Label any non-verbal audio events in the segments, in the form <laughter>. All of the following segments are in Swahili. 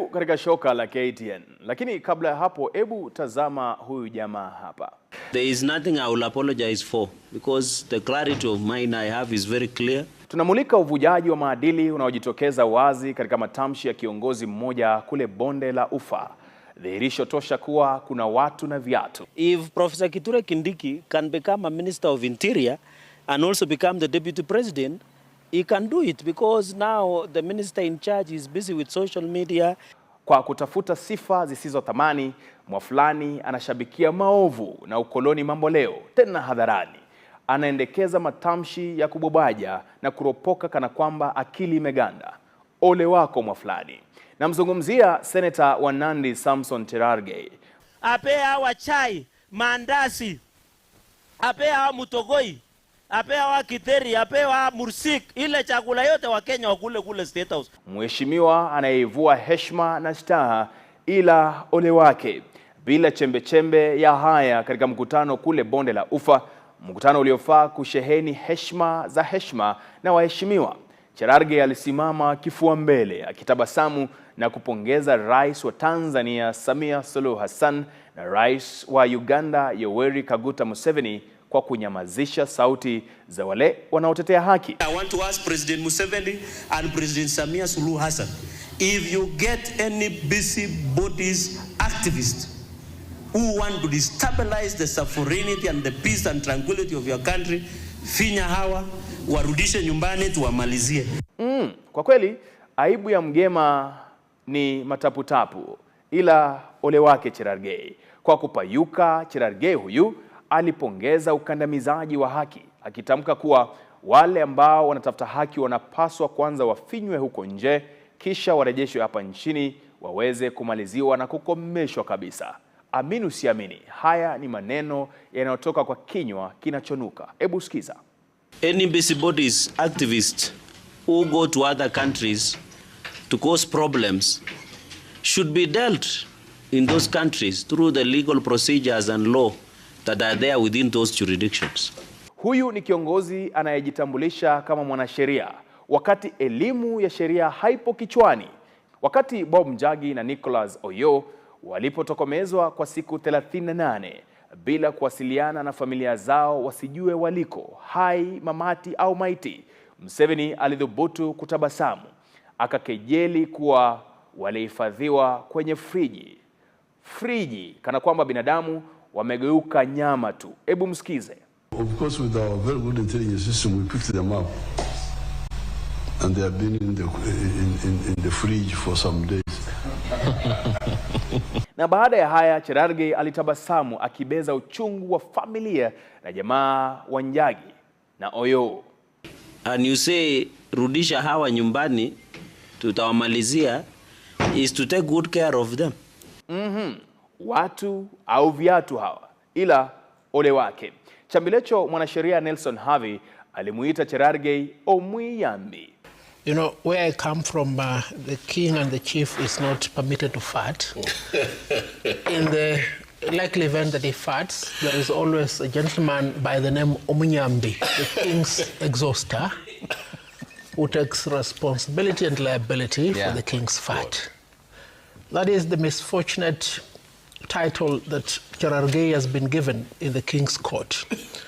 Karibu katika shoka la KTN. Lakini kabla ya hapo, hebu tazama huyu jamaa hapa. There is nothing I will apologize for because the clarity of mind I have is very clear. Tunamulika uvujaji wa maadili unaojitokeza wazi katika matamshi ya kiongozi mmoja kule Bonde la Ufa. Dhihirisho tosha kuwa kuna watu na viatu. If Professor Kithure Kindiki can become a minister of interior and also become the deputy president he can do it because now the minister in charge is busy with social media. Kwa kutafuta sifa zisizo thamani, Mwafulani anashabikia maovu na ukoloni mambo leo, tena hadharani. Anaendekeza matamshi ya kubobaja na kuropoka kana kwamba akili imeganda. Ole wako Mwafulani. Namzungumzia seneta wa Nandi Samson Cherargei. apea hawa chai, maandazi, hawa mutogoi apewa Githeri, apewa Mursik, ile chakula yote Kenya wakule kule State House. Mheshimiwa anayeivua heshima na staha ila ole wake bila chembechembe ya haya katika mkutano kule Bonde la Ufa, mkutano uliofaa kusheheni heshima za heshima na waheshimiwa. cherarge alisimama kifua mbele akitabasamu na kupongeza Rais wa Tanzania Samia Suluhu Hassan na Rais wa Uganda Yoweri Kaguta Museveni kwa kunyamazisha sauti za wale wanaotetea haki. I want to ask President Museveni and President Samia Suluhu Hassan if you get any busy bodies activist who want to destabilize the sovereignty and the peace and tranquility of your country, finya hawa warudishe nyumbani tuwamalizie. Mm, kwa kweli aibu ya mgema ni mataputapu ila ole wake Cherargei kwa kupayuka. Cherargei huyu alipongeza ukandamizaji wa haki akitamka kuwa wale ambao wanatafuta haki wanapaswa kwanza wafinywe huko nje, kisha warejeshwe hapa nchini waweze kumaliziwa na kukomeshwa kabisa. Amini usiamini, haya ni maneno yanayotoka kwa kinywa kinachonuka. Hebu sikiza. Any busybodies activists who go to other countries to cause problems should be dealt in those countries through the legal procedures and law that are there within those jurisdictions. Huyu ni kiongozi anayejitambulisha kama mwanasheria wakati elimu ya sheria haipo kichwani. Wakati Bob Njagi na Nicholas Oyo walipotokomezwa kwa siku 38 bila kuwasiliana na familia zao wasijue waliko hai, mamati au maiti, Museveni alithubutu kutabasamu akakejeli kuwa walihifadhiwa kwenye friji friji, kana kwamba binadamu wamegeuka nyama tu. Hebu msikize. Of course with our very good intelligence system we picked them up and they have been in the, in, in, in the fridge for some days. <laughs> na baada ya haya Cherargei alitabasamu akibeza uchungu wa familia na jamaa wa Njagi na Oyo. And you say rudisha hawa nyumbani tutawamalizia is to take good care of them. Mm -hmm watu au viatu hawa, ila ole wake. Chambilecho mwanasheria Nelson Havi alimuita Cherargei omwiyambi. You know, where I come from, uh, the king and the chief is not permitted to fart. <laughs> In the likely event that he farts, there is always a gentleman by the name Omunyambi, the king's <laughs> exhauster, who takes responsibility and liability yeah. for the king's fart. That is the misfortunate title that Cherargei has been given in the King's Court.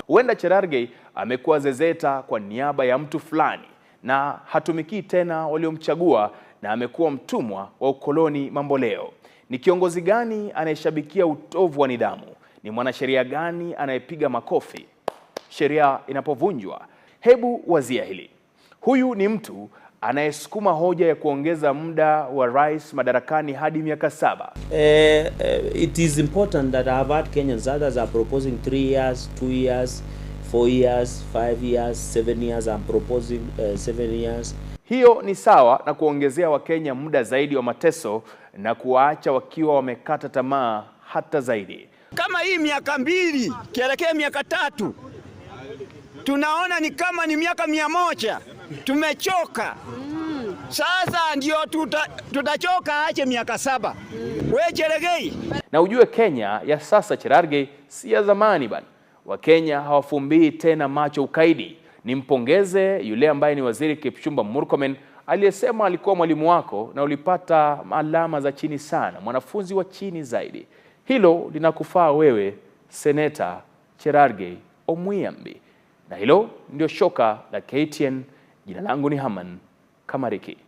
Huenda Cherargei amekuwa zezeta kwa niaba ya mtu fulani na hatumikii tena waliomchagua na amekuwa mtumwa wa ukoloni mamboleo. Ni kiongozi gani anayeshabikia utovu wa nidhamu? Ni mwanasheria gani anayepiga makofi sheria inapovunjwa? Hebu wazia hili. Huyu ni mtu anayesukuma hoja ya kuongeza muda wa rais madarakani hadi miaka saba. Uh, uh, it is important that I have heard Kenyans others are proposing 3 years, 2 years, 4 years, 5 years, 7 years. I'm proposing 7 uh, eh, years. Hiyo ni sawa na kuongezea Wakenya muda zaidi wa mateso na kuwaacha wakiwa wamekata tamaa hata zaidi. Kama hii miaka mbili kielekea miaka tatu tunaona ni kama ni miaka mia moja tumechoka Sasa ndio tuta, tutachoka ache miaka saba We Cheregei. na ujue Kenya ya sasa Cherargei si ya zamani bana. Wakenya hawafumbii tena macho ukaidi. Nimpongeze yule ambaye ni Waziri Kipchumba Murkomen aliyesema alikuwa mwalimu wako na ulipata alama za chini sana, mwanafunzi wa chini zaidi. Hilo linakufaa wewe, Seneta Cherargei Omwiambi, Na hilo ndio shoka la KTN. Jina langu ni Haman Kamariki.